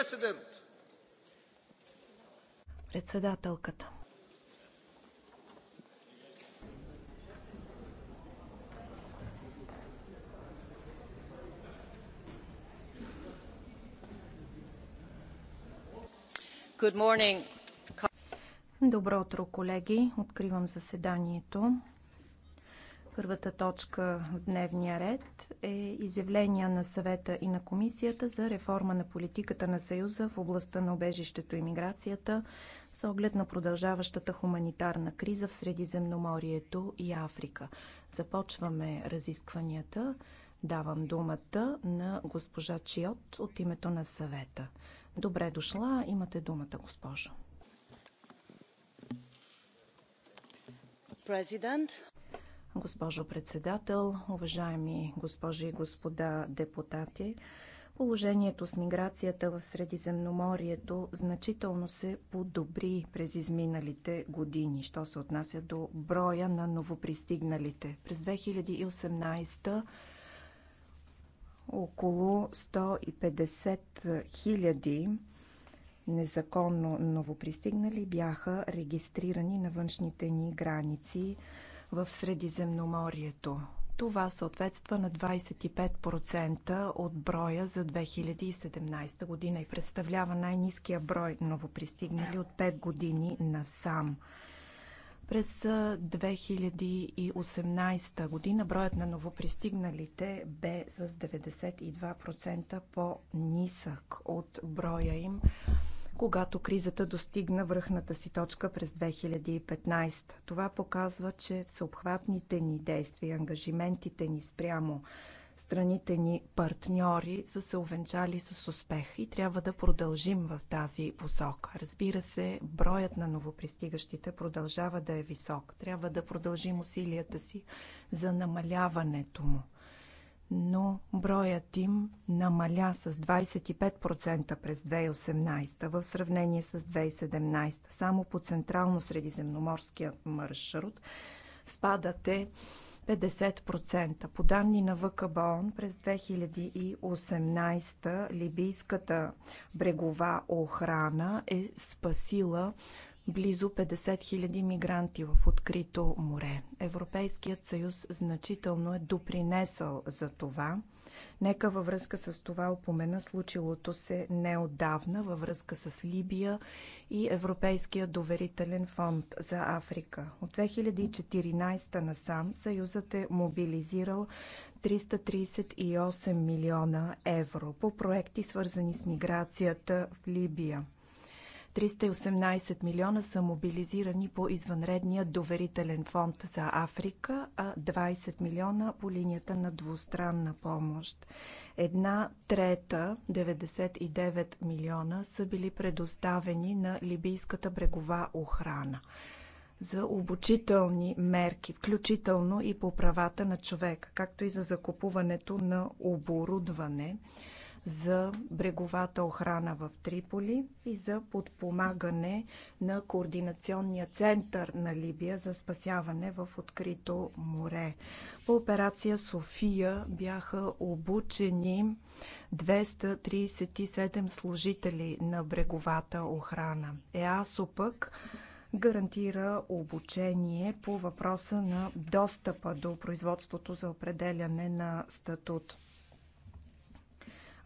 president. Председателката. Добро утро, колеги! Откривам заседанието. Първата точка в дневния ред е изявление на съвета и на комисията за реформа на политиката на Съюза в областта на обежището и миграцията с оглед на продължаващата хуманитарна криза в Средиземноморието и Африка. Започваме разискванията. Давам думата на госпожа Чиот от името на съвета. Добре дошла, имате думата, госпожо. Президент. Госпожо председател, уважаеми госпожи и господа депутати, положението с миграцията в Средиземноморието значително се подобри през изминалите години, що се отнася до броя на новопристигналите. През 2018 около 150 хиляди незаконно новопристигнали бяха регистрирани на външните ни граници в Средиземноморието. Това съответства на 25% от броя за 2017 година и представлява най-низкия брой новопристигнали от 5 години насам. През 2018 година броят на новопристигналите бе с 92% по-нисък от броя им когато кризата достигна връхната си точка през 2015. Това показва, че всеобхватните ни действия и ангажиментите ни спрямо страните ни партньори са се увенчали с успех и трябва да продължим в тази посока. Разбира се, броят на новопристигащите продължава да е висок. Трябва да продължим усилията си за намаляването му но броят им намаля с 25% през 2018 в сравнение с 2017. Само по Централно-Средиземноморския маршрут спадате е 50%. По данни на ВКБОН през 2018 либийската брегова охрана е спасила близо 50 000 мигранти в открито море. Европейският съюз значително е допринесъл за това. Нека във връзка с това опомена случилото се неодавна във връзка с Либия и Европейския доверителен фонд за Африка. От 2014 насам Съюзът е мобилизирал 338 милиона евро по проекти свързани с миграцията в Либия. 318 милиона са мобилизирани по извънредния доверителен фонд за Африка, а 20 милиона по линията на двустранна помощ. Една трета, 99 милиона, са били предоставени на либийската брегова охрана за обучителни мерки, включително и по правата на човека, както и за закупуването на оборудване за бреговата охрана в Триполи и за подпомагане на Координационния център на Либия за спасяване в открито море. По операция София бяха обучени 237 служители на бреговата охрана. ЕАСО пък гарантира обучение по въпроса на достъпа до производството за определяне на статут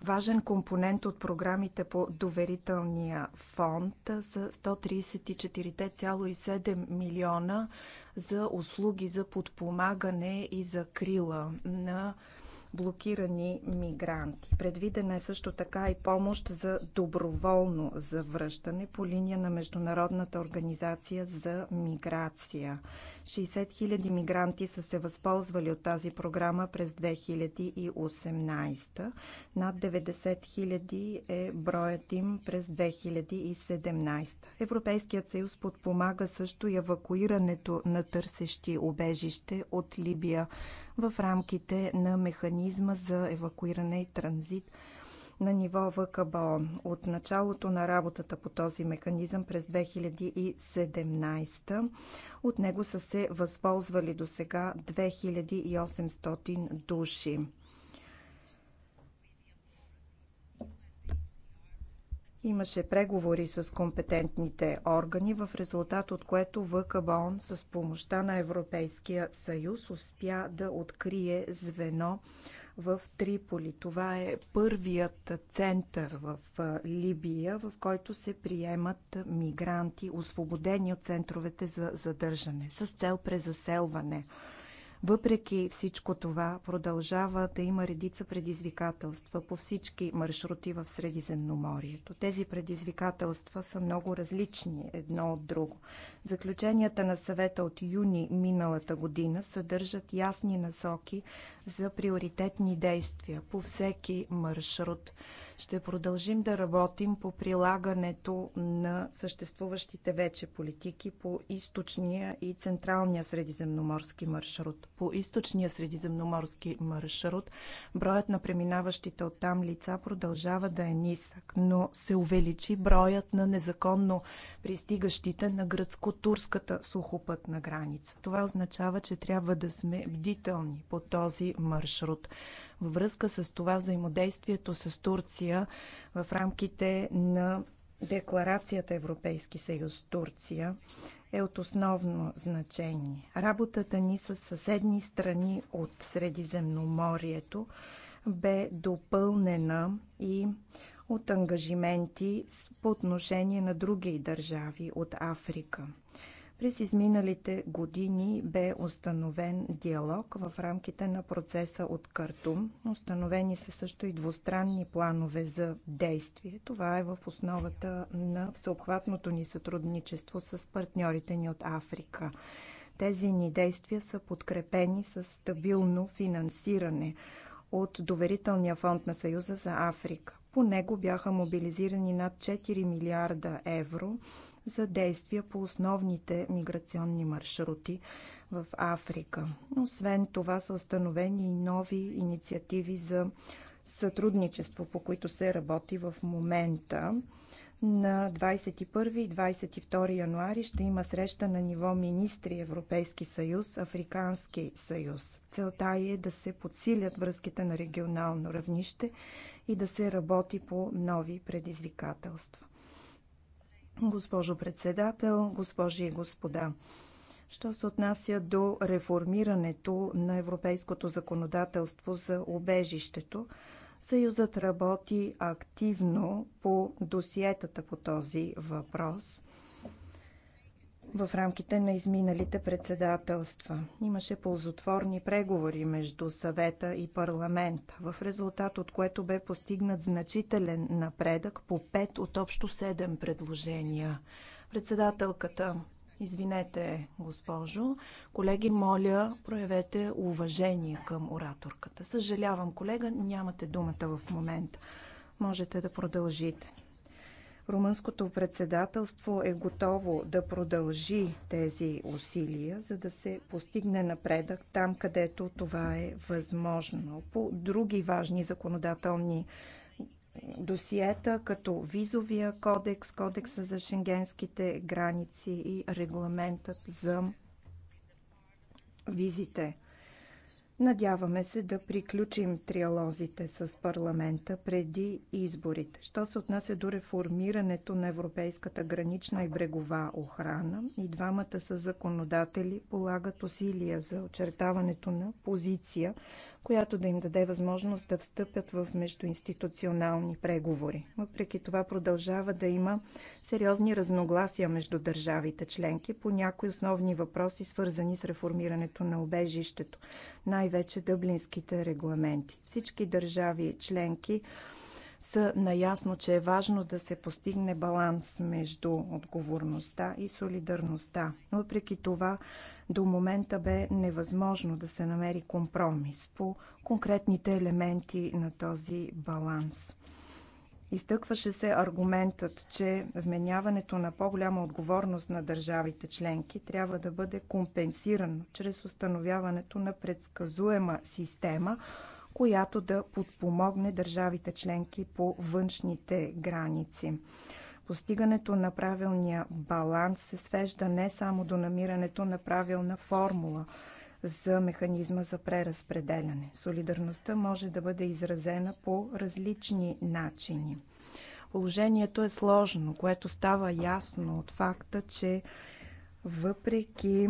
важен компонент от програмите по доверителния фонд са 134,7 милиона за услуги за подпомагане и закрила на блокирани мигранти. Предвидена е също така и помощ за доброволно завръщане по линия на Международната организация за миграция. 60 000 мигранти са се възползвали от тази програма през 2018. Над 90 000 е броят им през 2017. Европейският съюз подпомага също и евакуирането на търсещи убежище от Либия в рамките на механизма за евакуиране и транзит на ниво ВКБО. От началото на работата по този механизъм през 2017 от него са се възползвали до сега 2800 души. Имаше преговори с компетентните органи, в резултат от което ВКБОН с помощта на Европейския съюз успя да открие звено в Триполи. Това е първият център в Либия, в който се приемат мигранти, освободени от центровете за задържане, с цел презаселване. Въпреки всичко това, продължава да има редица предизвикателства по всички маршрути в Средиземноморието. Тези предизвикателства са много различни едно от друго. Заключенията на съвета от юни миналата година съдържат ясни насоки за приоритетни действия по всеки маршрут. Ще продължим да работим по прилагането на съществуващите вече политики по източния и централния средиземноморски маршрут. По източния средиземноморски маршрут броят на преминаващите от там лица продължава да е нисък, но се увеличи броят на незаконно пристигащите на гръцко-турската сухопътна граница. Това означава, че трябва да сме бдителни по този маршрут. Във връзка с това взаимодействието с Турция в рамките на декларацията Европейски съюз Турция е от основно значение. Работата ни с съседни страни от Средиземноморието бе допълнена и от ангажименти по отношение на други държави от Африка. През изминалите години бе установен диалог в рамките на процеса от Картум. Установени са също и двустранни планове за действие. Това е в основата на всеобхватното ни сътрудничество с партньорите ни от Африка. Тези ни действия са подкрепени с стабилно финансиране от Доверителния фонд на Съюза за Африка. По него бяха мобилизирани над 4 милиарда евро за действия по основните миграционни маршрути в Африка. Освен това са установени и нови инициативи за сътрудничество, по които се работи в момента. На 21 и 22 януари ще има среща на ниво министри Европейски съюз, Африкански съюз. Целта е да се подсилят връзките на регионално равнище и да се работи по нови предизвикателства. Госпожо председател, госпожи и господа, що се отнася до реформирането на европейското законодателство за убежището, Съюзът работи активно по досиетата по този въпрос в рамките на изминалите председателства. Имаше ползотворни преговори между съвета и парламент, в резултат от което бе постигнат значителен напредък по 5 от общо 7 предложения. Председателката, извинете, госпожо, колеги, моля, проявете уважение към ораторката. Съжалявам, колега, нямате думата в момента. Можете да продължите. Румънското председателство е готово да продължи тези усилия, за да се постигне напредък там, където това е възможно. По други важни законодателни досиета, като визовия кодекс, кодекса за шенгенските граници и регламентът за визите. Надяваме се да приключим триалозите с парламента преди изборите. Що се отнася до реформирането на европейската гранична и брегова охрана, и двамата са законодатели полагат усилия за очертаването на позиция която да им даде възможност да встъпят в междуинституционални преговори. Въпреки това продължава да има сериозни разногласия между държавите членки по някои основни въпроси, свързани с реформирането на убежището, най-вече дъблинските регламенти. Всички държави членки са наясно, че е важно да се постигне баланс между отговорността и солидарността. Въпреки това, до момента бе невъзможно да се намери компромис по конкретните елементи на този баланс. Изтъкваше се аргументът, че вменяването на по-голяма отговорност на държавите членки трябва да бъде компенсирано чрез установяването на предсказуема система, която да подпомогне държавите членки по външните граници. Постигането на правилния баланс се свежда не само до намирането на правилна формула за механизма за преразпределяне. Солидарността може да бъде изразена по различни начини. Положението е сложно, което става ясно от факта, че въпреки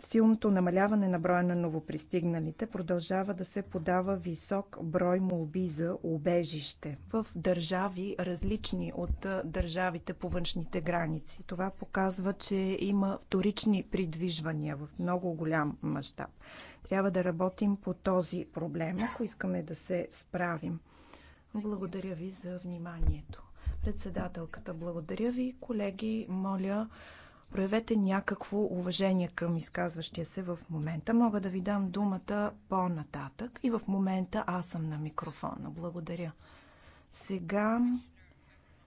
силното намаляване на броя на новопристигналите продължава да се подава висок брой молби за убежище в държави различни от държавите по външните граници. Това показва, че има вторични придвижвания в много голям мащаб. Трябва да работим по този проблем, ако искаме да се справим. Благодаря ви за вниманието. Председателката, благодаря ви. Колеги, моля проявете някакво уважение към изказващия се в момента. Мога да ви дам думата по-нататък и в момента аз съм на микрофона. Благодаря. Сега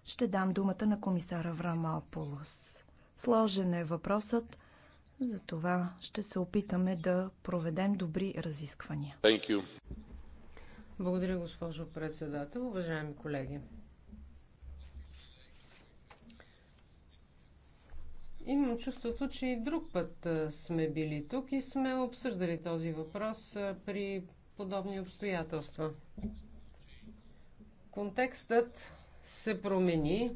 ще дам думата на комисара Врамаполос. Сложен е въпросът, За това ще се опитаме да проведем добри разисквания. Благодаря, госпожо председател. Уважаеми колеги, Имам чувството, че и друг път сме били тук и сме обсъждали този въпрос при подобни обстоятелства. Контекстът се промени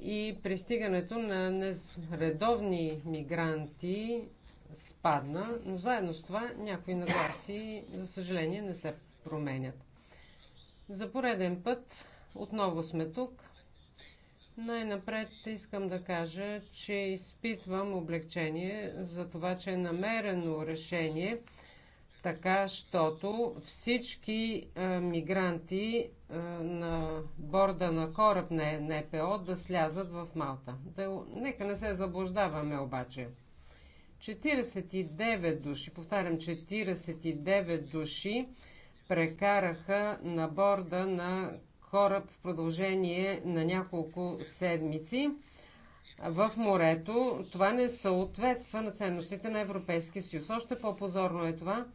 и пристигането на нередовни мигранти спадна, но заедно с това някои нагласи, за съжаление, не се променят. За пореден път отново сме тук, най-напред искам да кажа, че изпитвам облегчение за това, че е намерено решение, така, щото всички а, мигранти а, на борда на кораб на НПО да слязат в Малта. Да, нека не се заблуждаваме обаче. 49 души, повтарям, 49 души прекараха на борда на кораб в продължение на няколко седмици в морето. Това не съответства на ценностите на Европейския съюз. Още по-позорно е това,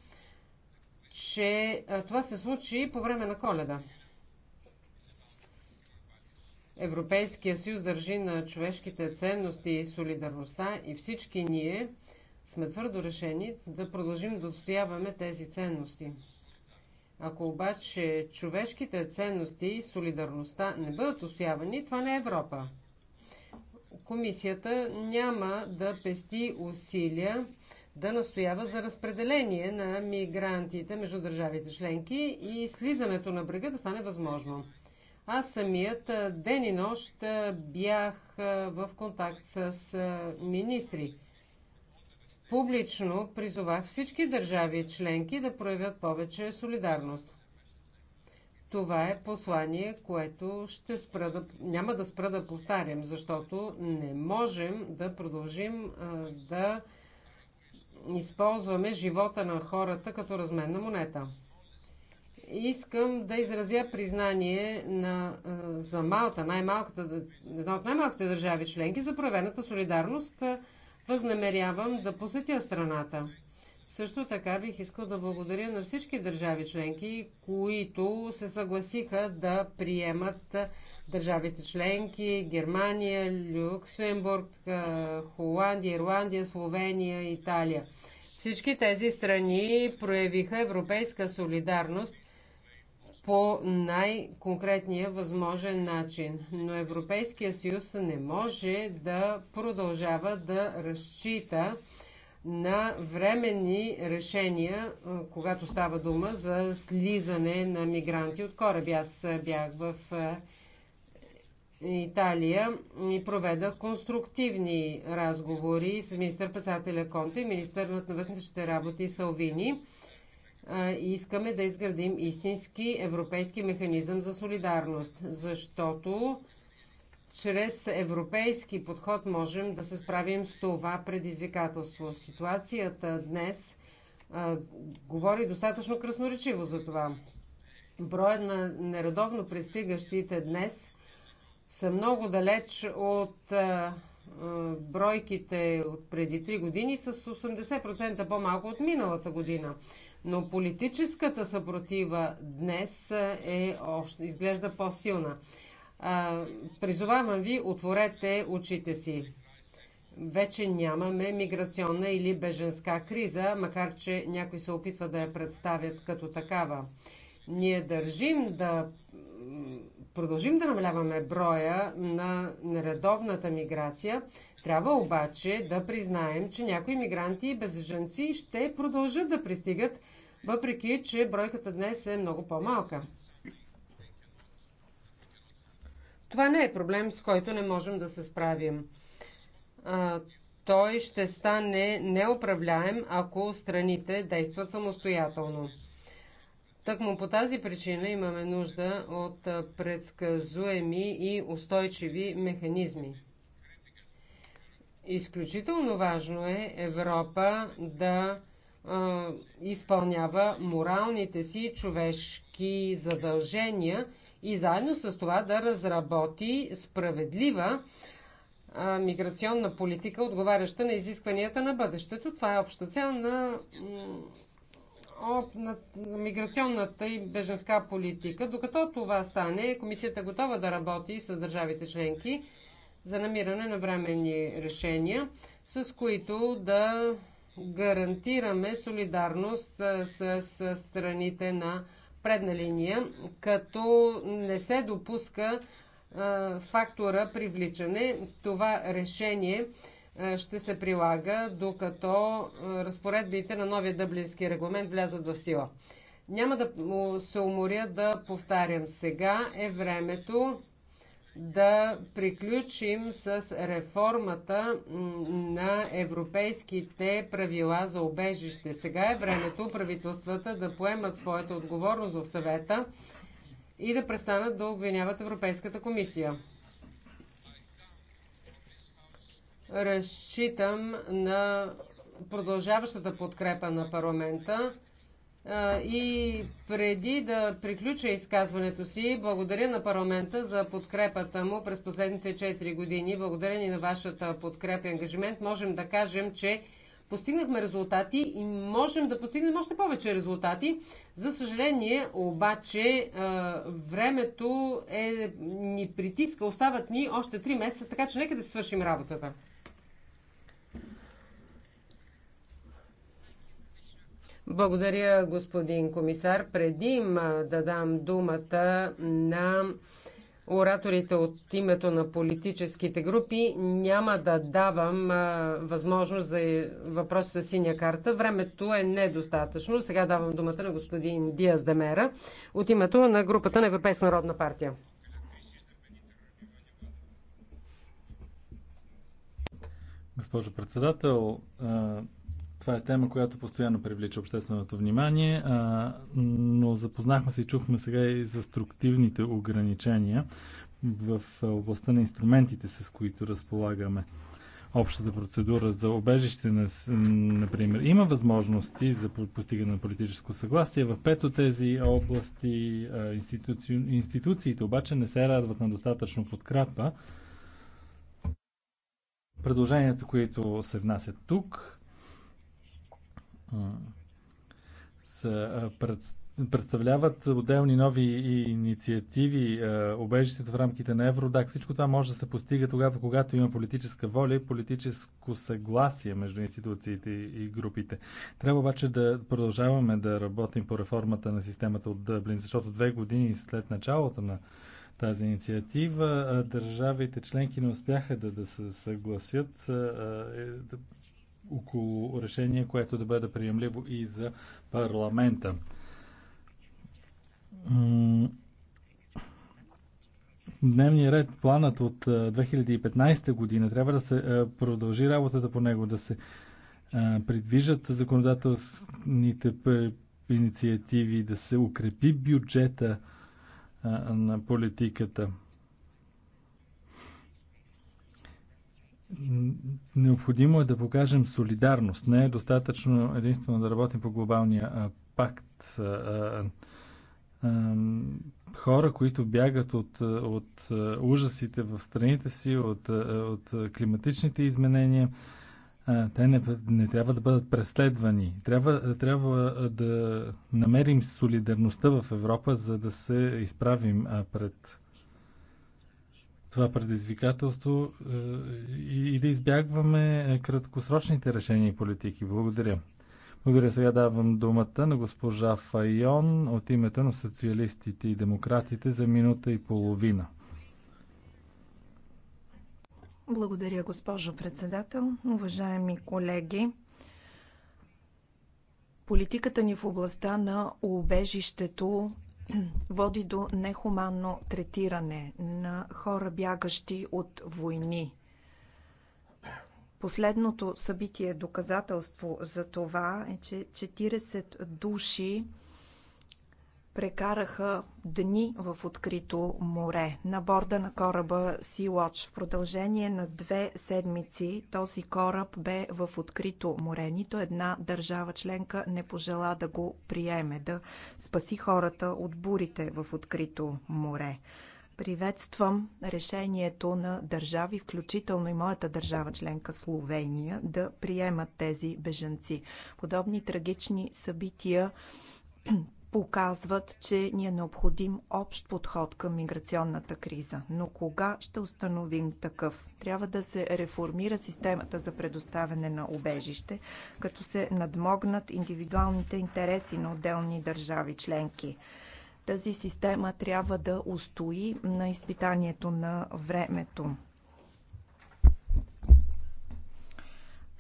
че това се случи по време на коледа. Европейския съюз държи на човешките ценности и солидарността и всички ние сме твърдо решени да продължим да отстояваме тези ценности. Ако обаче човешките ценности и солидарността не бъдат устоявани, това не е Европа. Комисията няма да пести усилия да настоява за разпределение на мигрантите между държавите членки и слизането на брега да стане възможно. Аз самият ден и нощ бях в контакт с министри. Публично призовах всички държави членки да проявят повече солидарност. Това е послание, което ще спра да, няма да спра да повтарям, защото не можем да продължим а, да използваме живота на хората като разменна монета. Искам да изразя признание на, а, за Малта, една от най-малките държави членки, за проявената солидарност. А, възнамерявам да посетя страната. Също така бих искал да благодаря на всички държави членки, които се съгласиха да приемат държавите членки Германия, Люксембург, Холандия, Ирландия, Словения, Италия. Всички тези страни проявиха европейска солидарност по най-конкретния възможен начин. Но Европейския съюз не може да продължава да разчита на временни решения, когато става дума за слизане на мигранти от кораби. Аз бях в Италия и проведа конструктивни разговори с министър-председателя Конте и министърът на вътрешните работи Салвини и искаме да изградим истински европейски механизъм за солидарност, защото чрез европейски подход можем да се справим с това предизвикателство. Ситуацията днес а, говори достатъчно красноречиво за това. Броят на нередовно пристигащите днес са много далеч от а, а, бройките от преди 3 години с 80% по-малко от миналата година. Но политическата съпротива днес е още, изглежда по-силна. Призовавам ви, отворете очите си. Вече нямаме миграционна или беженска криза, макар че някои се опитват да я представят като такава. Ние държим да продължим да намаляваме броя на нередовната миграция. Трябва обаче да признаем, че някои мигранти и безженци ще продължат да пристигат въпреки че бройката днес е много по-малка. Това не е проблем, с който не можем да се справим. А, той ще стане неуправляем, ако страните действат самостоятелно. Тъкмо по тази причина имаме нужда от предсказуеми и устойчиви механизми. Изключително важно е Европа да изпълнява моралните си човешки задължения и заедно с това да разработи справедлива миграционна политика, отговаряща на изискванията на бъдещето. Това е обща цел на, на миграционната и беженска политика. Докато това стане, комисията е готова да работи с държавите членки за намиране на временни решения, с които да гарантираме солидарност с, с страните на предна линия, като не се допуска а, фактора привличане. Това решение а, ще се прилага, докато а, разпоредбите на новия дъблински регламент влязат в сила. Няма да се уморя да повтарям сега. Е времето да приключим с реформата на европейските правила за обежище. Сега е времето правителствата да поемат своята отговорност в съвета и да престанат да обвиняват Европейската комисия. Разчитам на продължаващата подкрепа на парламента и преди да приключа изказването си, благодаря на парламента за подкрепата му през последните 4 години. Благодарение на вашата подкрепа и ангажимент можем да кажем, че постигнахме резултати и можем да постигнем още повече резултати. За съжаление, обаче, времето е, ни притиска. Остават ни още 3 месеца, така че нека да свършим работата. Благодаря, господин комисар. Преди да дам думата на ораторите от името на политическите групи, няма да давам възможност за въпрос с синя карта. Времето е недостатъчно. Сега давам думата на господин Диас Демера от името на групата на Европейска народна партия. Госпожо председател, това е тема, която постоянно привлича общественото внимание, а, но запознахме се и чухме сега и за структивните ограничения в областта на инструментите, с които разполагаме общата процедура за обежище, например, има възможности за постигане на политическо съгласие. В пет от тези области институци... институциите обаче не се радват на достатъчно подкрепа. Предложенията, които се внасят тук, са представляват отделни нови инициативи, обежището в рамките на Евродак. Всичко това може да се постига тогава, когато има политическа воля и политическо съгласие между институциите и групите. Трябва обаче да продължаваме да работим по реформата на системата от Дъблин, защото две години след началото на тази инициатива държавите членки не успяха да, да се съгласят около решение, което да бъде приемливо и за парламента. Дневният ред, планът от 2015 година, трябва да се продължи работата по него, да се придвижат законодателните инициативи, да се укрепи бюджета на политиката. Необходимо е да покажем солидарност. Не е достатъчно единствено да работим по глобалния а, пакт. А, а, а, хора, които бягат от, от ужасите в страните си, от, от климатичните изменения, те не, не трябва да бъдат преследвани. Трябва, трябва да намерим солидарността в Европа, за да се изправим пред това предизвикателство е, и, и да избягваме краткосрочните решения и политики. Благодаря. Благодаря. Сега давам думата на госпожа Файон от името на социалистите и демократите за минута и половина. Благодаря, госпожо председател. Уважаеми колеги, политиката ни в областта на убежището води до нехуманно третиране на хора, бягащи от войни. Последното събитие доказателство за това е, че 40 души прекараха дни в открито море на борда на кораба Sea Watch. В продължение на две седмици този кораб бе в открито море. Нито една държава членка не пожела да го приеме, да спаси хората от бурите в открито море. Приветствам решението на държави, включително и моята държава членка Словения, да приемат тези бежанци. Подобни трагични събития показват, че ни е необходим общ подход към миграционната криза. Но кога ще установим такъв? Трябва да се реформира системата за предоставяне на убежище, като се надмогнат индивидуалните интереси на отделни държави членки. Тази система трябва да устои на изпитанието на времето.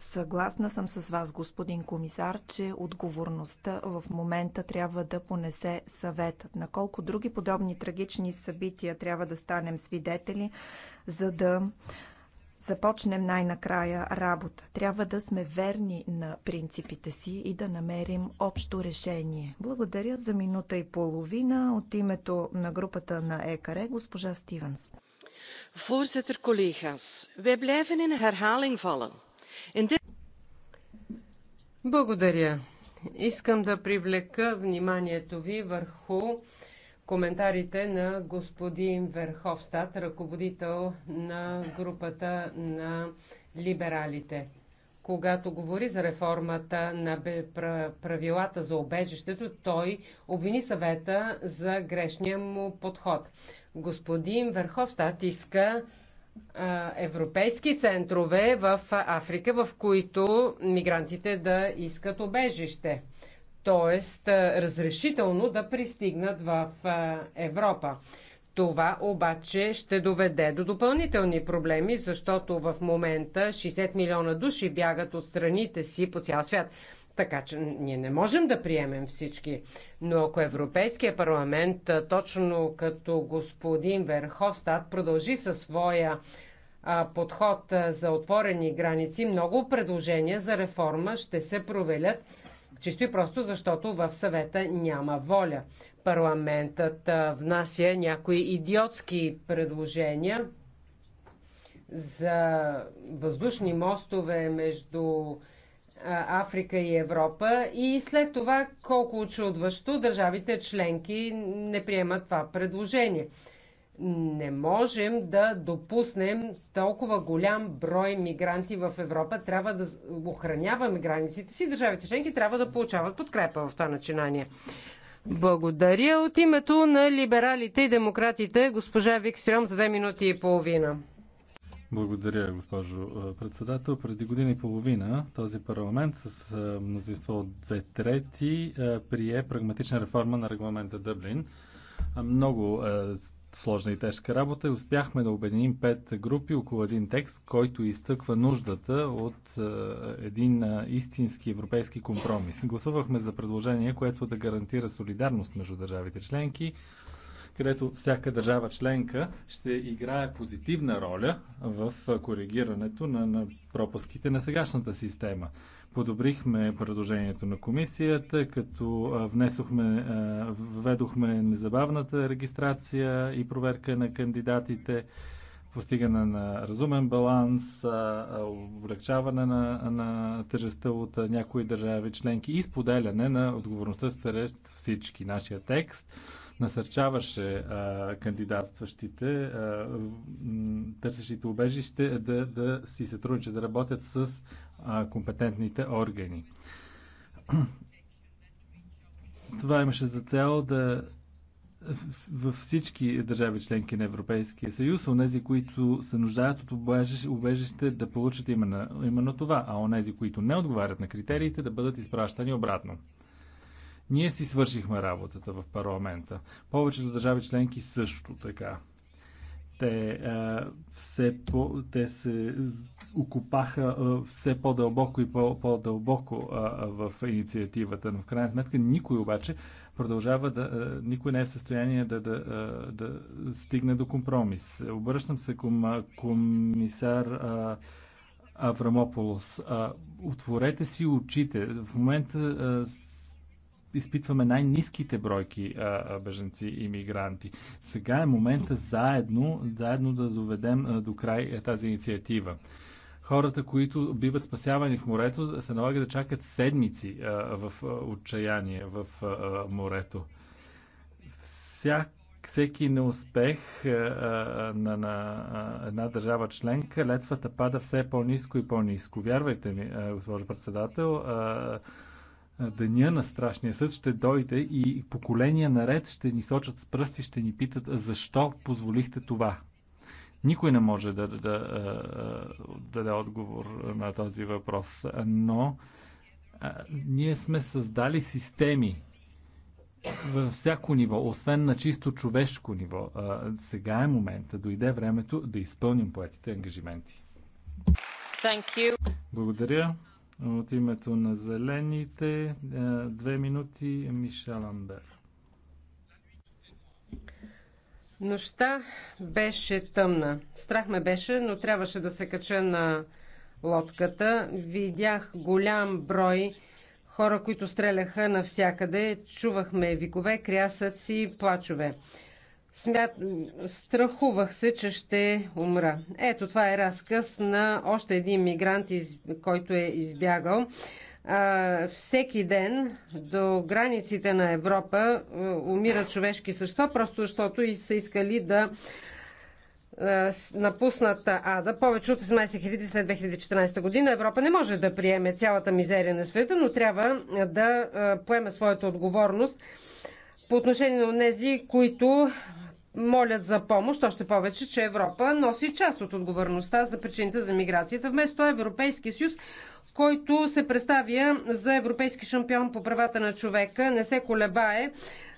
Съгласна съм с вас, господин комисар, че отговорността в момента трябва да понесе съветът. На колко други подобни трагични събития трябва да станем свидетели, за да започнем най-накрая работа. Трябва да сме верни на принципите си и да намерим общо решение. Благодаря за минута и половина от името на групата на ЕКАРЕ, госпожа Стивенс. Voorzitter, collega's, wij blijven in herhaling vallen. Благодаря. Искам да привлека вниманието ви върху коментарите на господин Верховстат, ръководител на групата на либералите. Когато говори за реформата на правилата за обежището, той обвини съвета за грешния му подход. Господин Верховстат иска европейски центрове в Африка, в които мигрантите да искат обежище. Тоест, разрешително да пристигнат в Европа. Това обаче ще доведе до допълнителни проблеми, защото в момента 60 милиона души бягат от страните си по цял свят. Така че ние не можем да приемем всички. Но ако Европейския парламент, точно като господин Верховстат, продължи със своя подход за отворени граници, много предложения за реформа ще се провелят чисто и просто защото в съвета няма воля. Парламентът внася някои идиотски предложения за въздушни мостове между Африка и Европа и след това колко очудващо държавите членки не приемат това предложение. Не можем да допуснем толкова голям брой мигранти в Европа. Трябва да охраняваме границите си. Държавите членки трябва да получават подкрепа в това начинание. Благодаря. От името на либералите и демократите, госпожа Викстрем за две минути и половина. Благодаря, госпожо председател. Преди година и половина този парламент с мнозинство от две трети прие прагматична реформа на регламента Дъблин. Много сложна и тежка работа и успяхме да обединим пет групи около един текст, който изтъква нуждата от един истински европейски компромис. Гласувахме за предложение, което да гарантира солидарност между държавите членки, където всяка държава членка ще играе позитивна роля в коригирането на, на пропуските на сегашната система. Подобрихме предложението на комисията, като внесохме, введохме незабавната регистрация и проверка на кандидатите постигане на разумен баланс, облегчаване на, на тежестта от някои държави членки и споделяне на отговорността сред всички. Нашия текст насърчаваше а, кандидатстващите, а, търсещите убежище, да, да си сътрудничат, да работят с а, компетентните органи. Това имаше за цел да във всички държави членки на Европейския съюз, онези, които се нуждаят от убежище, да получат именно, именно това, а онези, които не отговарят на критериите, да бъдат изпращани обратно. Ние си свършихме работата в парламента. Повечето държави членки също така. Те, а, е, все по, те се окопаха е, все по-дълбоко и по-дълбоко е, в инициативата. Но в крайна сметка никой обаче продължава да. А, никой не е в състояние да, да, а, да стигне до компромис. Обръщам се към комисар. А, Аврамополос. А, отворете си очите. В момента изпитваме най-низките бройки а, беженци и мигранти. Сега е момента заедно, заедно да доведем а, до край тази инициатива. Хората, които биват спасявани в морето, се налага да чакат седмици а, в а, отчаяние в а, морето. Всяк всеки неуспех а, на, на а, една държава членка, летвата пада все по-низко и по-низко. Вярвайте ми, а, госпожо председател, а, деня на страшния съд ще дойде и поколения наред ще ни сочат с пръсти, ще ни питат защо позволихте това. Никой не може да, да, да, да даде отговор на този въпрос, но а, ние сме създали системи във всяко ниво, освен на чисто човешко ниво. А, сега е момента, дойде времето да изпълним поетите ангажименти. Благодаря. От името на зелените, е, две минути, Мишел Амбер. Нощта беше тъмна. Страх ме беше, но трябваше да се кача на лодката. Видях голям брой хора, които стреляха навсякъде. Чувахме викове, крясъци, плачове. Смят... Страхувах се, че ще умра. Ето, това е разказ на още един мигрант, из... който е избягал. А, всеки ден до границите на Европа е, умират човешки същества, просто защото и са искали да е, напуснат ада повече от 18 000 след 2014 година. Европа не може да приеме цялата мизерия на света, но трябва да е, поеме своята отговорност по отношение на тези, които молят за помощ, още повече, че Европа носи част от отговорността за причините за миграцията. Вместо това Европейския съюз, който се представя за европейски шампион по правата на човека, не се колебае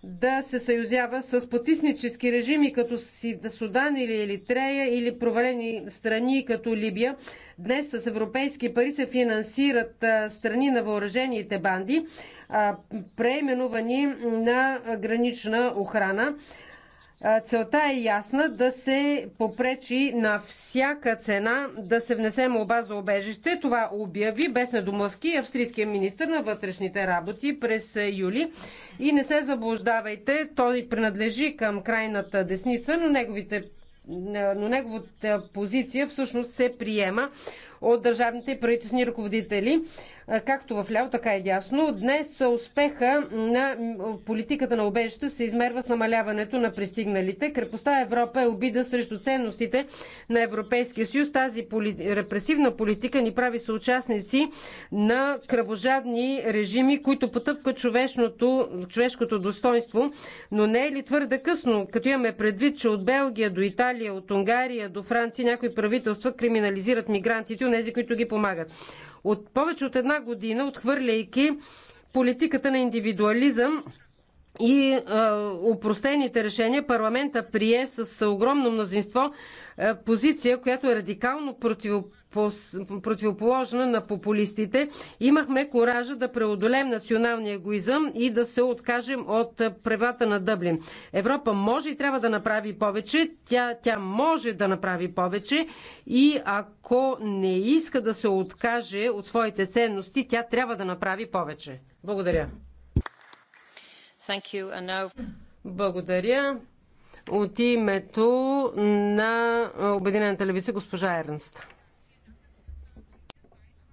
да се съюзява с потиснически режими като Судан или Елитрея или провалени страни като Либия. Днес с европейски пари се финансират страни на въоръжените банди преименувани на гранична охрана. Целта е ясна да се попречи на всяка цена да се внесе молба за обежище. Това обяви без недомъвки австрийския министр на вътрешните работи през юли. И не се заблуждавайте, той принадлежи към крайната десница, но неговите но неговата позиция всъщност се приема от държавните и правителствени ръководители както в ляво, така и дясно. Днес успеха на политиката на убежище се измерва с намаляването на пристигналите. Крепостта Европа е обида срещу ценностите на Европейския съюз. Тази поли... репресивна политика ни прави съучастници на кръвожадни режими, които потъпкат човешното, човешкото достоинство. Но не е ли твърде късно, като имаме предвид, че от Белгия до Италия, от Унгария до Франция някои правителства криминализират мигрантите, онези, които ги помагат от повече от една година, отхвърляйки политиката на индивидуализъм и а, е, упростените решения, парламента прие с огромно мнозинство е, позиция, която е радикално противоположна противоположна на популистите, имахме коража да преодолеем националния егоизъм и да се откажем от правата на Дъблин. Европа може и трябва да направи повече, тя, тя може да направи повече и ако не иска да се откаже от своите ценности, тя трябва да направи повече. Благодаря. Now... Благодаря. От името на Обединената левица госпожа Ернст.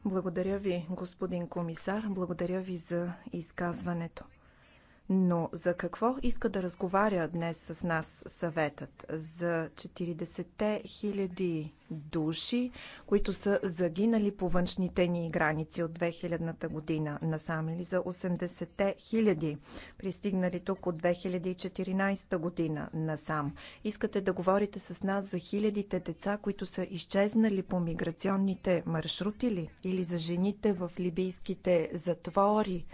Благодаря ви, господин комисар. Благодаря ви за изказването. Но за какво иска да разговаря днес с нас съветът? За 40-те хиляди души, които са загинали по външните ни граници от 2000-та година насам или за 80-те хиляди, пристигнали тук от 2014 година насам. Искате да говорите с нас за хилядите деца, които са изчезнали по миграционните маршрути ли? Или за жените в либийските затвори?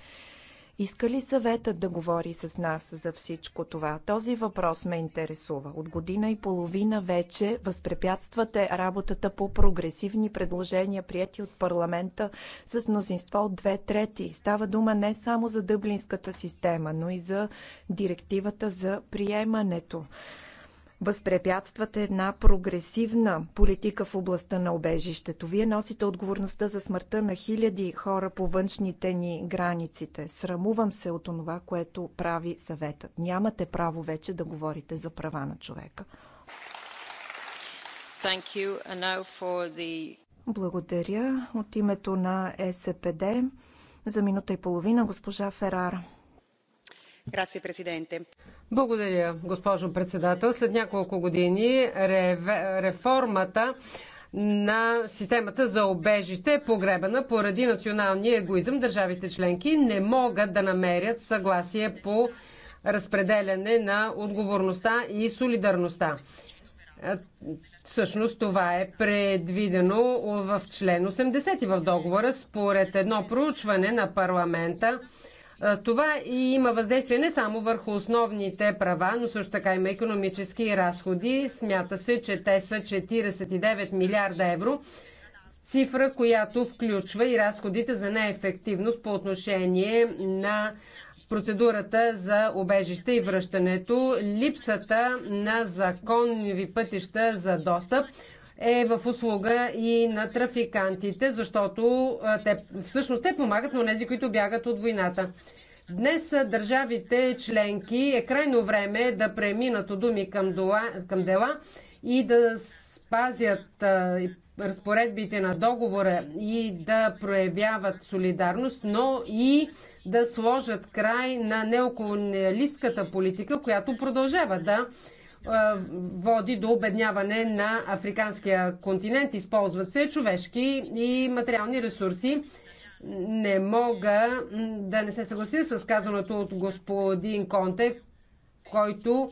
Иска ли съветът да говори с нас за всичко това? Този въпрос ме интересува. От година и половина вече възпрепятствате работата по прогресивни предложения, прияти от парламента с мнозинство от две трети. Става дума не само за дъблинската система, но и за директивата за приемането възпрепятствате една прогресивна политика в областта на обежището. Вие носите отговорността за смъртта на хиляди хора по външните ни границите. Срамувам се от това, което прави съветът. Нямате право вече да говорите за права на човека. The... Благодаря. От името на СПД за минута и половина госпожа Ферара. Благодаря, госпожо председател. След няколко години реформата на системата за обежище е погребана поради националния егоизъм. Държавите членки не могат да намерят съгласие по разпределяне на отговорността и солидарността. Всъщност това е предвидено в член 80 в договора. Според едно проучване на парламента, това и има въздействие не само върху основните права, но също така има економически разходи. Смята се, че те са 49 милиарда евро. Цифра, която включва и разходите за неефективност по отношение на процедурата за обежище и връщането, липсата на законни пътища за достъп, е в услуга и на трафикантите, защото те, всъщност те помагат на тези, които бягат от войната. Днес държавите членки е крайно време да преминат от думи към, дола, към дела и да спазят разпоредбите на договора и да проявяват солидарност, но и да сложат край на неоколониалистката политика, която продължава да води до обедняване на африканския континент. Използват се човешки и материални ресурси. Не мога да не се съглася с казаното от господин Конте, който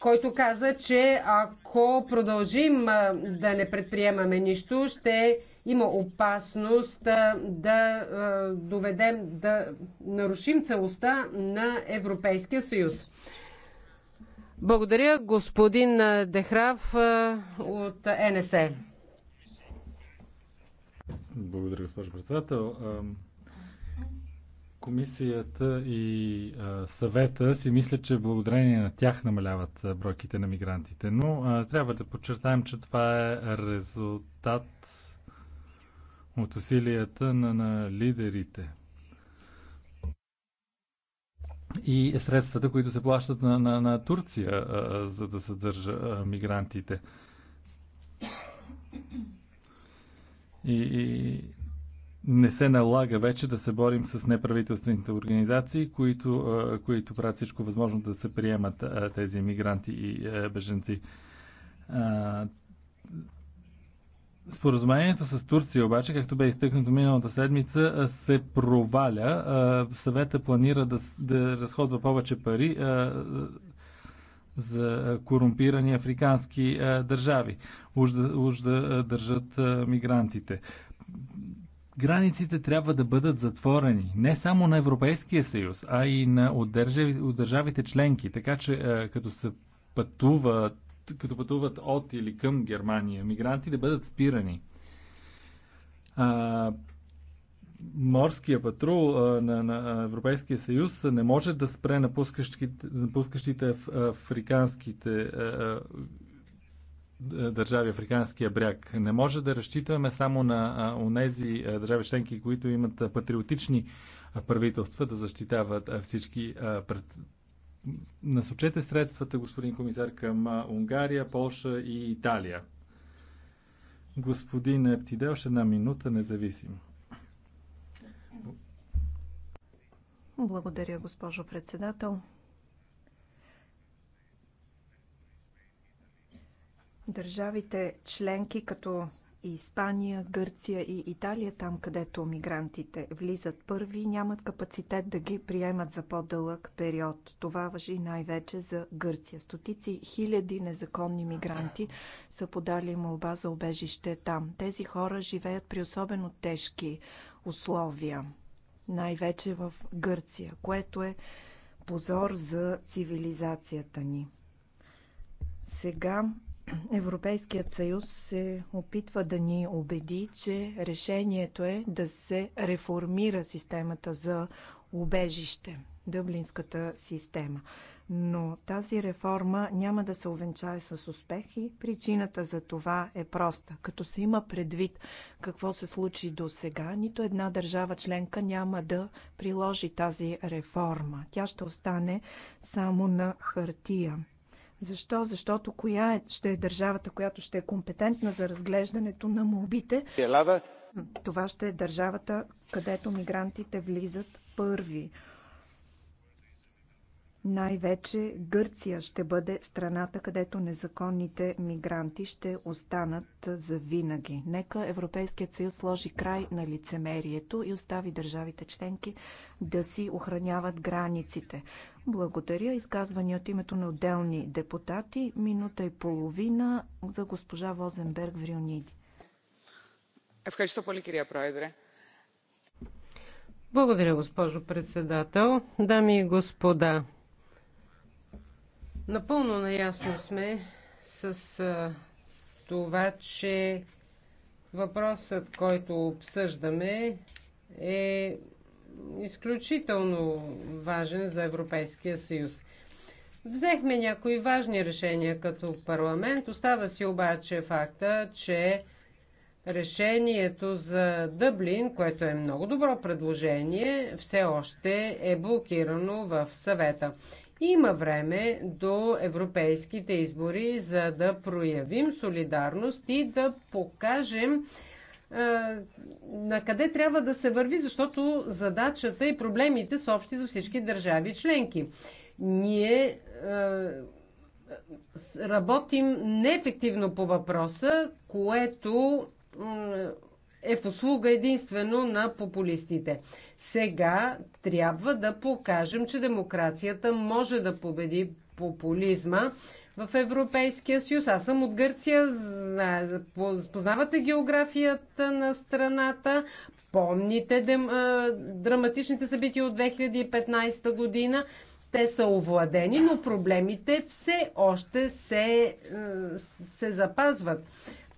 който каза, че ако продължим да не предприемаме нищо, ще има опасност да доведем, да нарушим целостта на Европейския съюз. Благодаря, господин Дехрав от НСЕ. Благодаря, госпожо председател. Комисията и съвета си мислят, че благодарение на тях намаляват бройките на мигрантите, но трябва да подчертаем, че това е резултат от усилията на, на лидерите и средствата, които се плащат на, на, на Турция, а, за да съдържа а, мигрантите. И, и не се налага вече да се борим с неправителствените организации, които, а, които правят всичко възможно да се приемат а, тези мигранти и а, беженци. А, Споразумението с Турция обаче, както бе изтъкнато миналата седмица, се проваля. Съвета планира да, да разходва повече пари за корумпирани африкански държави. Уж да, уж да държат мигрантите. Границите трябва да бъдат затворени не само на Европейския съюз, а и на от държавите, от държавите членки. Така че като се пътуват като пътуват от или към Германия мигранти, да бъдат спирани. А, морския патрул а, на, на Европейския съюз не може да спре напускащите, напускащите африканските а, държави, африканския бряг. Не може да разчитаме само на онези държави членки, които имат патриотични правителства да защитават всички насочете средствата, господин комисар, към Унгария, Полша и Италия. Господин Ептидел, ще една минута, независим. Благодаря, госпожо председател. Държавите членки като и Испания, Гърция и Италия, там където мигрантите влизат първи, нямат капацитет да ги приемат за по-дълъг период. Това въжи най-вече за Гърция. Стотици хиляди незаконни мигранти са подали молба за убежище там. Тези хора живеят при особено тежки условия, най-вече в Гърция, което е позор за цивилизацията ни. Сега Европейският съюз се опитва да ни убеди, че решението е да се реформира системата за убежище, дъблинската система. Но тази реформа няма да се увенчае с успех и причината за това е проста. Като се има предвид какво се случи до сега, нито една държава членка няма да приложи тази реформа. Тя ще остане само на хартия защо? Защото коя е, ще е държавата, която ще е компетентна за разглеждането на молбите? Това ще е държавата, където мигрантите влизат първи. Най-вече Гърция ще бъде страната, където незаконните мигранти ще останат за винаги. Нека Европейският съюз сложи край на лицемерието и остави държавите членки да си охраняват границите. Благодаря. Изказвания от името на отделни депутати. Минута и половина за госпожа Возенберг в Риониди. Благодаря, госпожо председател. Дами и господа, Напълно наясно сме с а, това, че въпросът, който обсъждаме, е изключително важен за Европейския съюз. Взехме някои важни решения като парламент. Остава си обаче факта, че решението за Дъблин, което е много добро предложение, все още е блокирано в съвета. Има време до европейските избори, за да проявим солидарност и да покажем на къде трябва да се върви, защото задачата и проблемите са общи за всички държави членки. Ние работим неефективно по въпроса, което е в услуга единствено на популистите. Сега трябва да покажем, че демокрацията може да победи популизма в Европейския съюз. Аз съм от Гърция, познавате географията на страната, помните дем, драматичните събития от 2015 година. Те са овладени, но проблемите все още се, е, се запазват.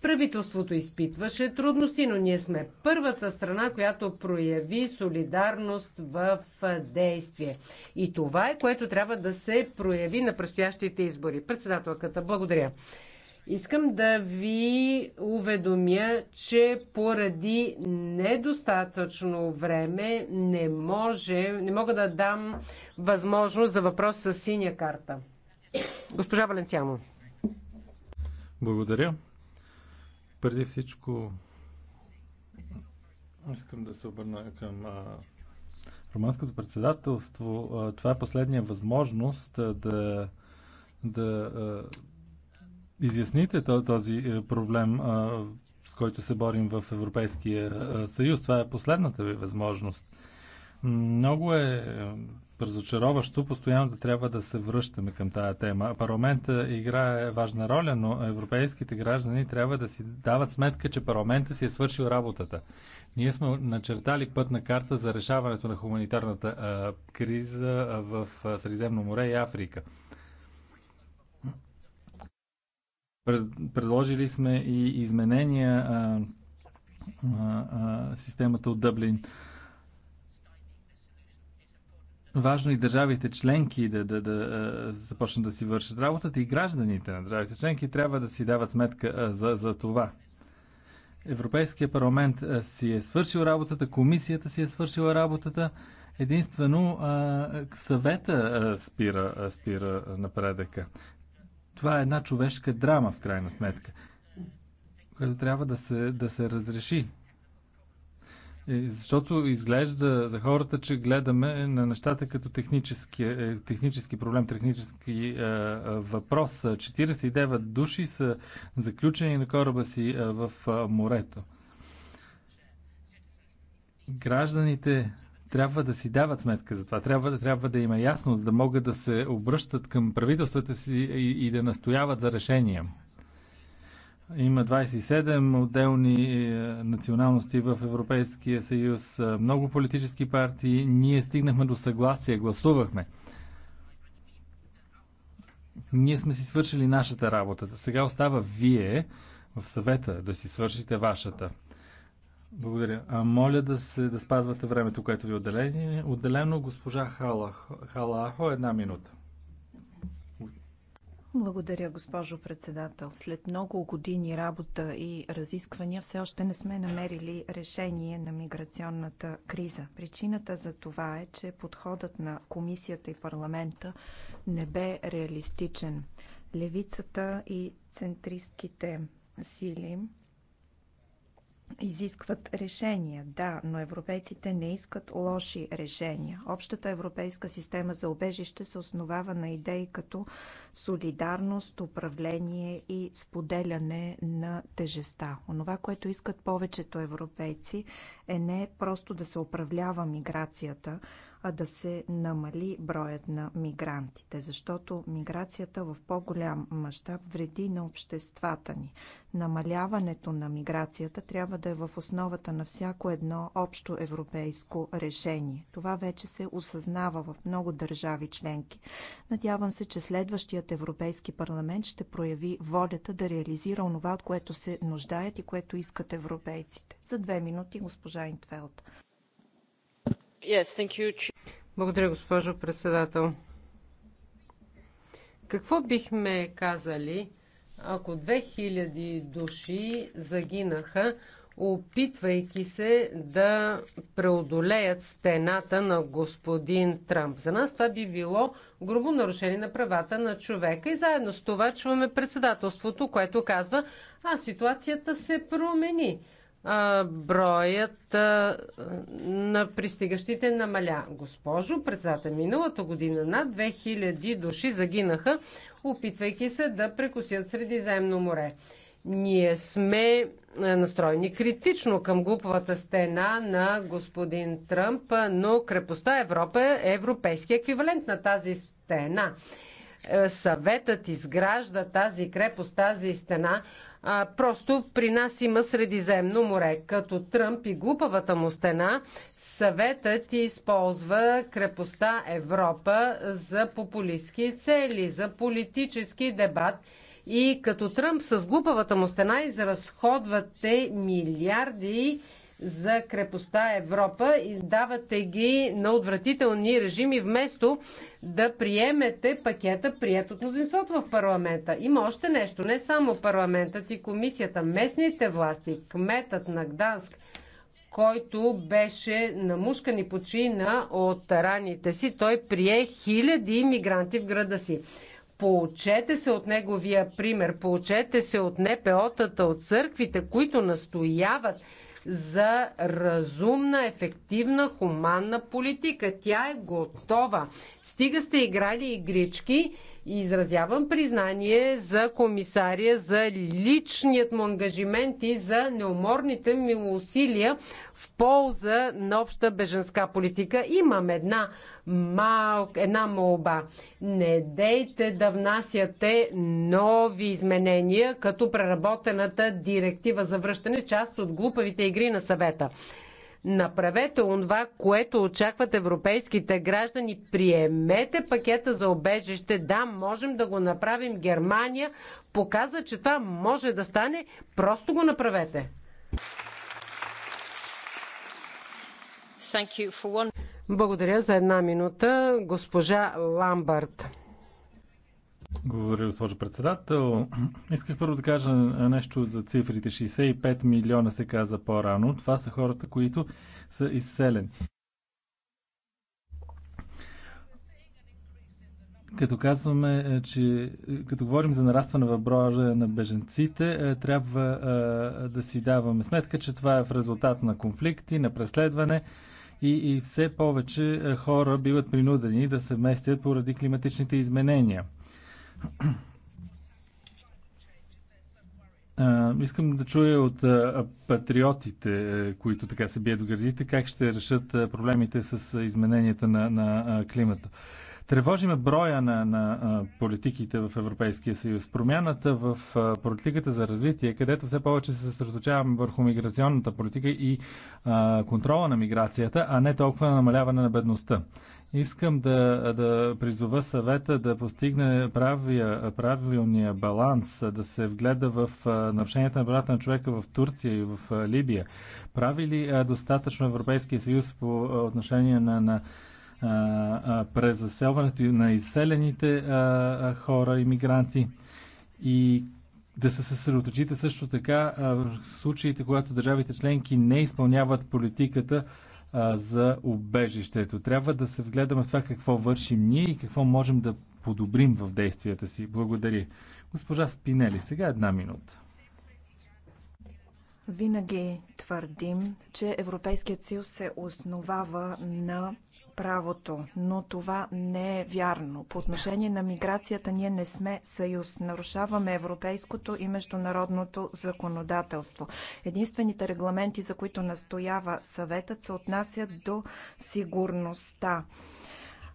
Правителството изпитваше трудности, но ние сме първата страна, която прояви солидарност в действие. И това е което трябва да се прояви на предстоящите избори. Председателката, благодаря. Искам да ви уведомя, че поради недостатъчно време не, може, не мога да дам възможност за въпрос с синя карта. Госпожа Валенциано. Благодаря. Преди всичко искам да се обърна към романското председателство. това е последния възможност да, да изясните този е, проблем, с който се борим в Европейския съюз. Това е последната ви възможност. Много е разочароващо постоянно да трябва да се връщаме към тая тема. Парламента играе важна роля, но европейските граждани трябва да си дават сметка, че парламента си е свършил работата. Ние сме начертали пътна карта за решаването на хуманитарната а, криза в Средиземно море и Африка. Пред, предложили сме и изменения а, а, а, системата от Дъблин. А, Важно е и държавите членки да, да, да започнат да си вършат работата и гражданите на държавите членки трябва да си дават сметка за, за това. Европейския парламент си е свършил работата, комисията си е свършила работата. Единствено съвета спира, спира напредъка. Това е една човешка драма, в крайна сметка, която трябва да се, да се разреши. Е, защото изглежда за хората, че гледаме на нещата като технически, е, технически проблем, технически е, е въпрос. 49 души са заключени на кораба си в морето. Гражданите трябва да си дават сметка за това. Трябва, трябва да има ясност, да могат да се обръщат към правителствата си и, и да настояват за решения. Има 27 отделни е, националности в Европейския съюз, е, много политически партии. Ние стигнахме до съгласие, гласувахме. Ние сме си свършили нашата работа. Сега остава вие в съвета да си свършите вашата. Благодаря. А моля да, се, да спазвате времето, което ви е отделено. Госпожа Халахо, Халахо една минута. Благодаря, госпожо председател. След много години работа и разисквания все още не сме намерили решение на миграционната криза. Причината за това е, че подходът на комисията и парламента не бе реалистичен. Левицата и центристските сили изискват решения. Да, но европейците не искат лоши решения. Общата европейска система за убежище се основава на идеи като солидарност, управление и споделяне на тежеста. Онова, което искат повечето европейци е не просто да се управлява миграцията, а да се намали броят на мигрантите, защото миграцията в по-голям мащаб вреди на обществата ни. Намаляването на миграцията трябва да е в основата на всяко едно общо европейско решение. Това вече се осъзнава в много държави членки. Надявам се, че следващият Европейски парламент ще прояви волята да реализира онова, от което се нуждаят и което искат европейците. За две минути госпожа Интвелт. Yes, благодаря, госпожо председател. Какво бихме казали, ако 2000 души загинаха, опитвайки се да преодолеят стената на господин Трамп? За нас това би било грубо нарушение на правата на човека и заедно с това чуваме председателството, което казва, а ситуацията се промени броят на пристигащите намаля. Госпожо, председател, миналата година над 2000 души загинаха, опитвайки се да прекусят Средиземно море. Ние сме настроени критично към глуповата стена на господин Тръмп, но крепостта Европа е европейски еквивалент на тази стена. Е, съветът изгражда тази крепост, тази стена, а, просто при нас има Средиземно море. Като Тръмп и глупавата му стена, съветът използва крепостта Европа за популистски цели, за политически дебат и като Тръмп с глупавата му стена изразходвате милиарди за крепостта Европа и давате ги на отвратителни режими, вместо да приемете пакета, прият от мнозинството в парламента. Има още нещо, не само парламентът и комисията, местните власти, кметът на Гданск, който беше намушкан и почина от раните си. Той прие хиляди иммигранти в града си. Получете се от неговия пример, получете се от НПО-тата, от църквите, които настояват – за разумна, ефективна, хуманна политика. Тя е готова. Стига сте играли игрички и изразявам признание за комисария за личният му ангажимент и за неуморните милоусилия в полза на обща беженска политика. Имам една Малка една молба. Не дейте да внасяте нови изменения, като преработената директива за връщане, част от глупавите игри на съвета. Направете онва, което очакват европейските граждани. Приемете пакета за обежище. Да, можем да го направим. Германия показа, че това може да стане. Просто го направете. Thank you for one... Благодаря за една минута. Госпожа Ламбард. Благодаря, госпожо председател. Исках първо да кажа нещо за цифрите. 65 милиона се каза по-рано. Това са хората, които са изселени. Като казваме, е, че е, като говорим за нарастване в броя на беженците, е, трябва да си даваме сметка, че това е в резултат на конфликти, на преследване и, и все повече е, хора биват принудени да се местят поради климатичните изменения. А, искам да чуя от а, патриотите, е, които така се бият в гърдите, как ще решат а, е, проблемите с измененията на, на а, климата. Тревожиме броя на, на политиките в Европейския съюз. Промяната в политиката за развитие, където все повече се съсредоточаваме върху миграционната политика и а, контрола на миграцията, а не толкова на намаляване на бедността. Искам да, да призова съвета да постигне правия, правилния баланс, да се вгледа в нарушенията на правата на човека в Турция и в Либия. Прави ли достатъчно Европейския съюз по отношение на, на през заселването на изселените хора, иммигранти и да се съсредоточите също така в случаите, когато държавите членки не изпълняват политиката за убежището. Трябва да се вгледаме в това какво вършим ние и какво можем да подобрим в действията си. Благодаря. Госпожа Спинели, сега една минута. Винаги твърдим, че Европейският съюз се основава на правото, но това не е вярно. По отношение на миграцията ние не сме съюз. Нарушаваме европейското и международното законодателство. Единствените регламенти, за които настоява съветът, се отнасят до сигурността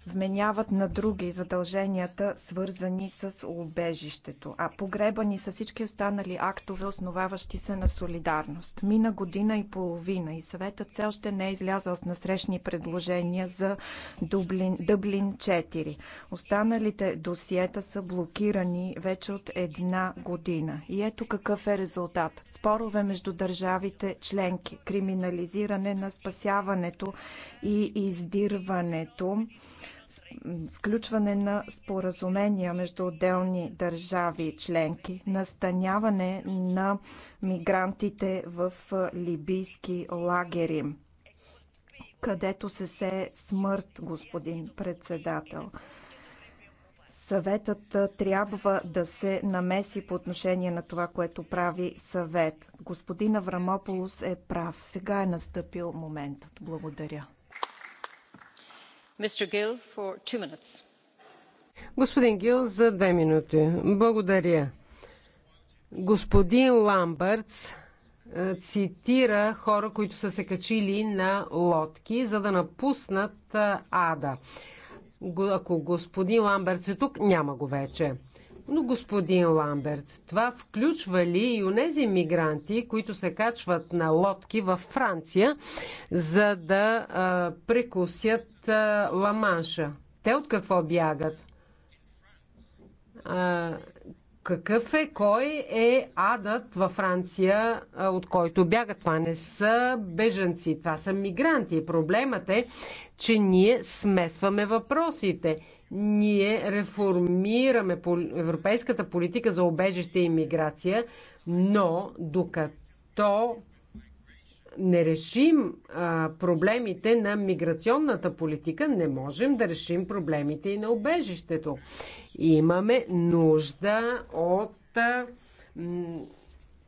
вменяват на други задълженията, свързани с убежището, а погребани са всички останали актове, основаващи се на солидарност. Мина година и половина и съветът все още не е излязъл с насрещни предложения за Дублин, Дъблин 4. Останалите досиета са блокирани вече от една година. И ето какъв е резултат. Спорове между държавите членки, криминализиране на спасяването и издирването сключване на споразумения между отделни държави членки, настаняване на мигрантите в либийски лагери, където се се смърт, господин председател. Съветът трябва да се намеси по отношение на това, което прави съвет. Господин Аврамополос е прав. Сега е настъпил моментът. Благодаря. Господин Гил, за две минути. Благодаря. Господин Ламбъртс е, цитира хора, които са се качили на лодки, за да напуснат е, ада. Ако господин Ламбъртс е тук, няма го вече. Но, господин Ламберт, това включва ли и онези мигранти, които се качват на лодки във Франция, за да а, прекусят а, Ламанша? Те от какво бягат? А, какъв е, кой е адът във Франция, от който бяга. Това не са беженци, това са мигранти. Проблемът е, че ние смесваме въпросите ние реформираме европейската политика за обежище и миграция, но докато не решим а, проблемите на миграционната политика, не можем да решим проблемите и на обежището. Имаме нужда от, а,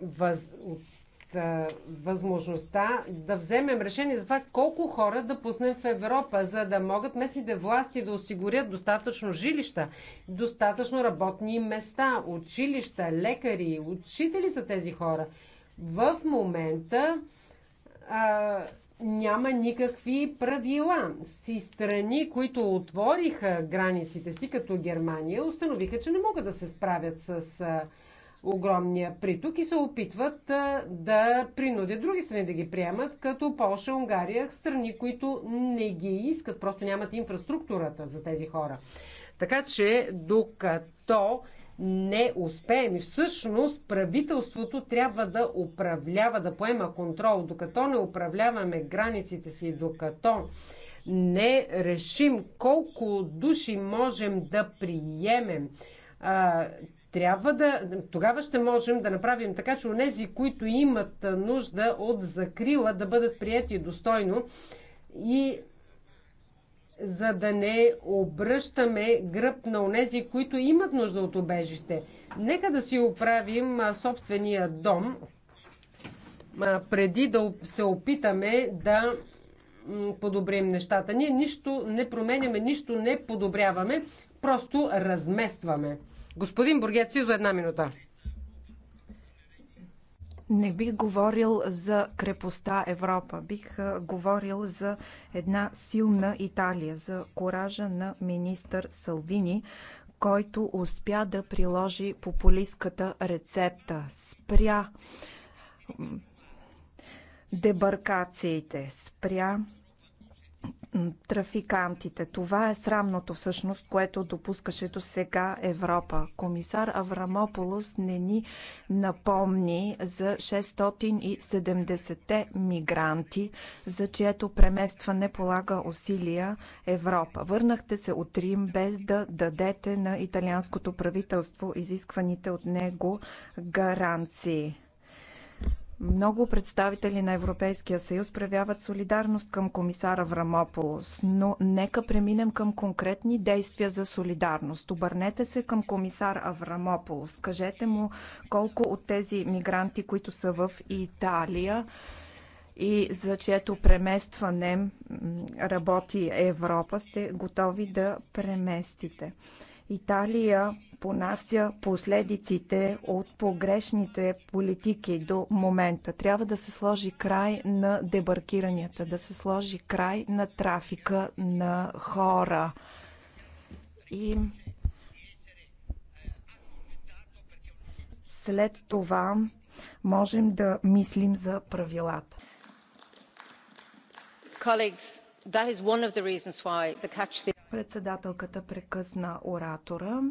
въз, от възможността да вземем решение за това колко хора да пуснем в Европа, за да могат местните власти да осигурят достатъчно жилища, достатъчно работни места, училища, лекари, учители са тези хора. В момента а, няма никакви правила. Си страни, които отвориха границите си, като Германия, установиха, че не могат да се справят с. А, огромния приток и се опитват да принудят други страни да ги приемат, като Польша, Унгария, страни, които не ги искат, просто нямат инфраструктурата за тези хора. Така че, докато не успеем и всъщност правителството трябва да управлява, да поема контрол, докато не управляваме границите си, докато не решим колко души можем да приемем, трябва да. Тогава ще можем да направим така, че онези, които имат нужда от закрила, да бъдат прияти достойно и за да не обръщаме гръб на онези, които имат нужда от обежище. Нека да си оправим собствения дом, преди да се опитаме да подобрим нещата. Ние нищо не променяме, нищо не подобряваме, просто разместваме. Господин Бургетси, за една минута. Не бих говорил за крепостта Европа. Бих говорил за една силна Италия, за коража на министър Салвини, който успя да приложи популистската рецепта. Спря дебаркациите, спря трафикантите. Това е срамното всъщност, което допускаше до сега Европа. Комисар Аврамополос не ни напомни за 670-те мигранти, за чието преместване полага усилия Европа. Върнахте се от Рим без да дадете на италианското правителство изискваните от него гаранции. Много представители на Европейския съюз проявяват солидарност към комисара Врамополос, но нека преминем към конкретни действия за солидарност. Обърнете се към комисар Аврамополос. Кажете му колко от тези мигранти, които са в Италия, и за чието преместване работи Европа, сте готови да преместите. Италия понася последиците от погрешните политики до момента. Трябва да се сложи край на дебаркиранията, да се сложи край на трафика на хора. И след това можем да мислим за правилата. Colleagues, that is one of the reasons why the catch Председателката прекъсна оратора.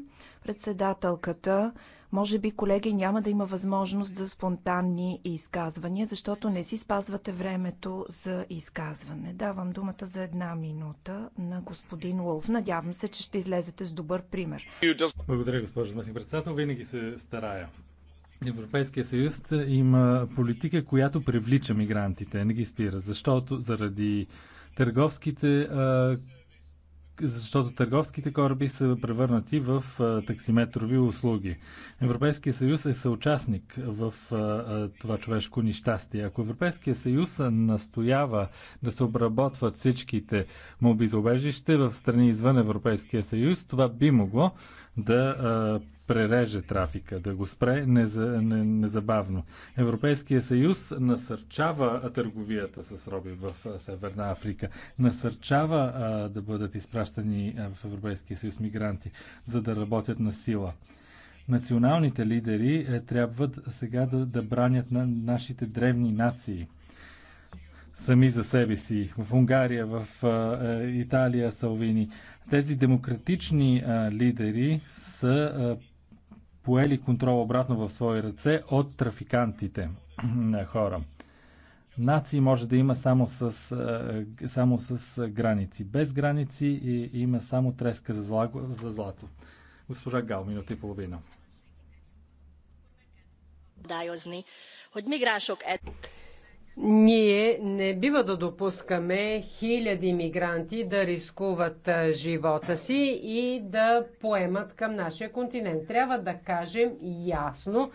Председателката, може би, колеги, няма да има възможност за спонтанни изказвания, защото не си спазвате времето за изказване. Давам думата за една минута на господин Уолф. Надявам се, че ще излезете с добър пример. Благодаря, госпожо заместник председател. Винаги се старая. Европейския съюз има политика, която привлича мигрантите, не ги спира, защото заради търговските а, защото търговските кораби са превърнати в таксиметрови услуги. Европейския съюз е съучастник в това човешко нещастие. Ако Европейския съюз настоява да се обработват всичките моби за убежище в страни извън Европейския съюз, това би могло да пререже трафика, да го спре незабавно. Европейския съюз насърчава търговията с роби в Северна Африка, насърчава да бъдат изпращани в Европейския съюз мигранти, за да работят на сила националните лидери е, трябва сега да, да бранят на нашите древни нации сами за себе си. В Унгария, в е, Италия Салвини, тези демократични а, лидери са а, поели контрол обратно в свои ръце от трафикантите на хора. Нации може да има само с, а, само с граници. Без граници и, и има само треска за, зла, за злато. Госпожа Гал, минута и половина. Ние не бива да допускаме хиляди мигранти да рискуват живота си и да поемат към нашия континент. Трябва да кажем ясно,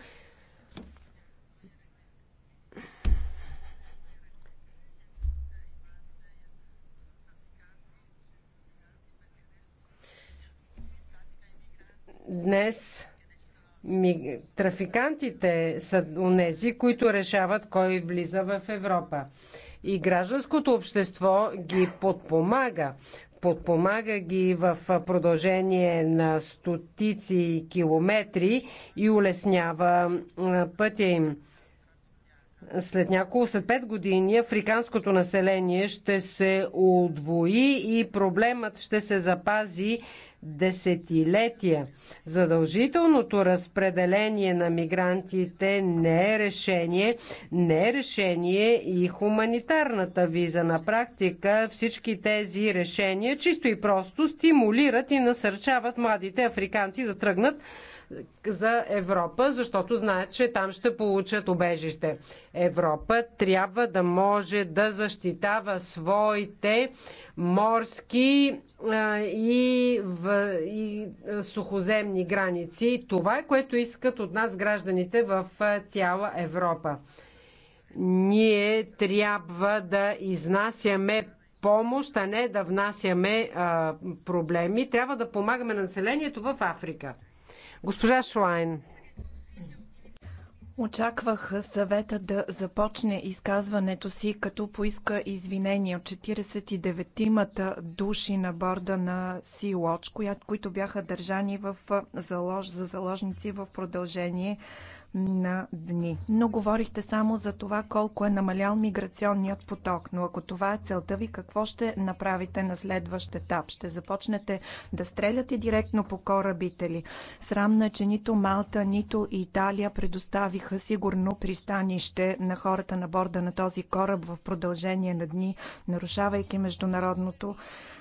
Днес Трафикантите са онези, които решават кой влиза в Европа. И гражданското общество ги подпомага. Подпомага ги в продължение на стотици километри и улеснява пътя им след няколко, след 5 години африканското население ще се удвои и проблемът ще се запази десетилетия. Задължителното разпределение на мигрантите не е решение, не е решение и хуманитарната виза. На практика всички тези решения чисто и просто стимулират и насърчават младите африканци да тръгнат за Европа, защото знаят, че там ще получат обежище. Европа трябва да може да защитава своите морски и, в, и сухоземни граници. Това е което искат от нас гражданите в цяла Европа. Ние трябва да изнасяме помощ, а не да внасяме а, проблеми. Трябва да помагаме на населението в Африка. Госпожа Шлайн. Очаквах съвета да започне изказването си, като поиска извинения от 49-тимата души на борда на Sea-Watch, които бяха държани в залож, за заложници в продължение на дни. Но говорихте само за това колко е намалял миграционният поток. Но ако това е целта ви, какво ще направите на следващ етап? Ще започнете да стреляте директно по корабите ли? Срамно е, че нито Малта, нито Италия предоставиха сигурно пристанище на хората на борда на този кораб в продължение на дни, нарушавайки международното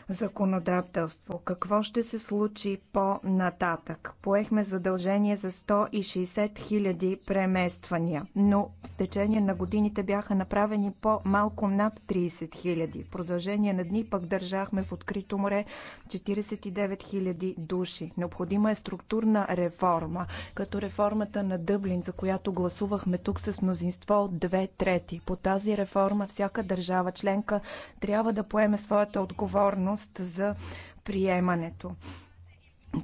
законодателство. Какво ще се случи по-нататък? Поехме задължение за 160 хиляди премествания, но с течение на годините бяха направени по-малко над 30 хиляди. В продължение на дни пък държахме в открито море 49 хиляди души. Необходима е структурна реформа, като реформата на Дъблин, за която гласувахме тук с мнозинство от две трети. По тази реформа всяка държава членка трябва да поеме своята отговорност възможност за приемането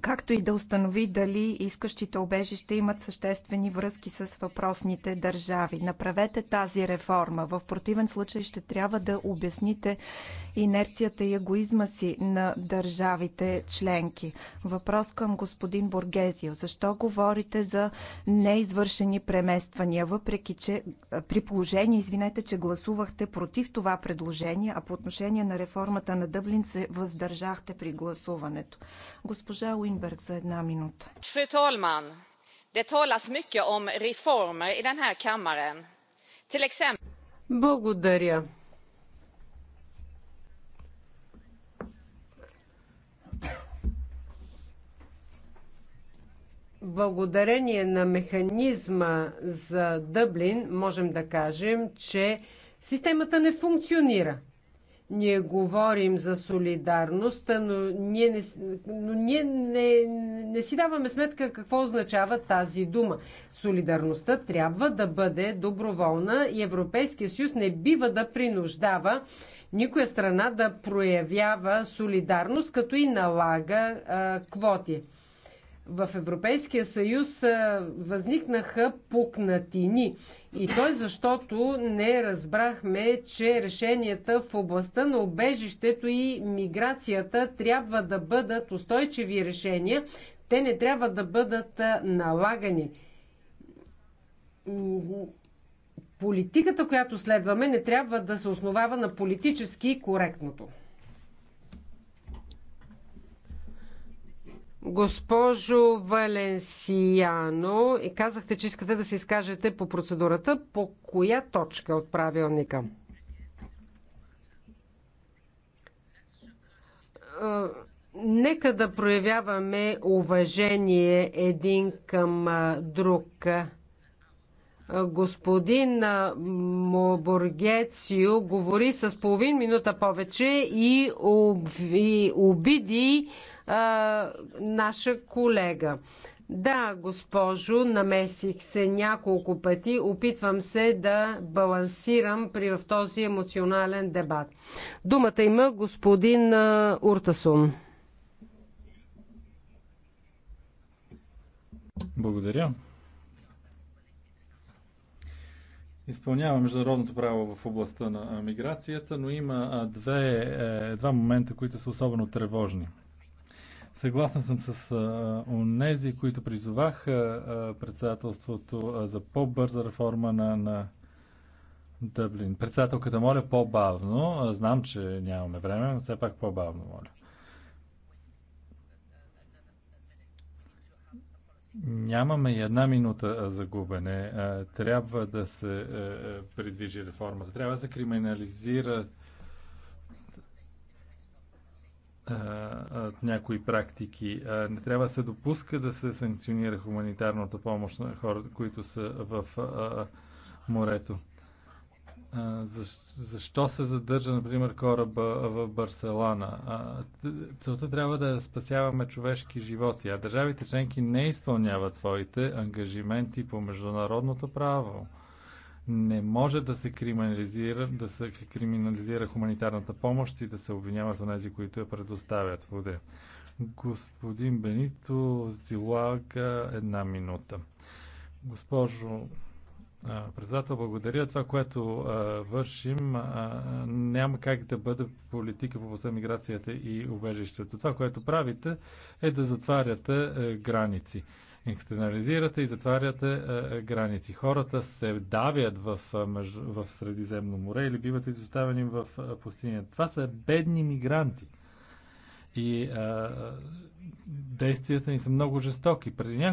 както и да установи дали искащите обежище имат съществени връзки с въпросните държави. Направете тази реформа. В противен случай ще трябва да обясните инерцията и егоизма си на държавите членки. Въпрос към господин Боргезио. Защо говорите за неизвършени премествания, въпреки че при положение, извинете, че гласувахте против това предложение, а по отношение на реформата на Дъблин се въздържахте при гласуването. Госпожа Fru talman! Det talas mycket om reformer i den här kammaren. Till exempel... Благодаря. благодарение на механизма за Дъблин можем да кажем, че системата не функционира. Ние говорим за солидарност, но ние, не, но ние не, не си даваме сметка какво означава тази дума. Солидарността трябва да бъде доброволна и Европейския съюз не бива да принуждава никоя страна да проявява солидарност, като и налага а, квоти в Европейския съюз възникнаха пукнатини. И той защото не разбрахме, че решенията в областта на обежището и миграцията трябва да бъдат устойчиви решения. Те не трябва да бъдат налагани. Политиката, която следваме, не трябва да се основава на политически коректното. Госпожо Валенсияно, казахте, че искате да се изкажете по процедурата. По коя точка от правилника? Е, нека да проявяваме уважение един към е, друг. Е, господин Моборгецио говори с половин минута повече и обиди а, наша колега. Да, госпожо, намесих се няколко пъти. Опитвам се да балансирам при в този емоционален дебат. Думата има господин Уртасун. Благодаря. Изпълнява международното право в областта на миграцията, но има две, е, два момента, които са особено тревожни – Съгласен съм с а, онези, които призоваха а, председателството а, за по-бърза реформа на, на Дъблин. Председателката, моля по-бавно. Знам, че нямаме време, но все пак по-бавно, моля. Нямаме и една минута за губене. Трябва да се придвижи реформата. Трябва да се криминализират някои практики. Не трябва да се допуска да се санкционира хуманитарната помощ на хората, които са в морето. Защо се задържа, например, кораба в Барселона? Целта трябва е да спасяваме човешки животи, а държавите членки не изпълняват своите ангажименти по международното право. Не може да се криминализира, да се криминализира хуманитарната помощ и да се обвиняват тези, които я предоставят. Благодаря. Господин Бенито Зилага, една минута. Госпожо председател, благодаря. Това, което а, вършим, а, няма как да бъде политика в областта миграцията и убежището. Това, което правите, е да затваряте а, граници екстернализирате и затваряте е, е, граници. Хората се давят в, е, в Средиземно море или биват изоставени в пустинята. Това са бедни мигранти. И а, действията ни са много жестоки. Преди няколко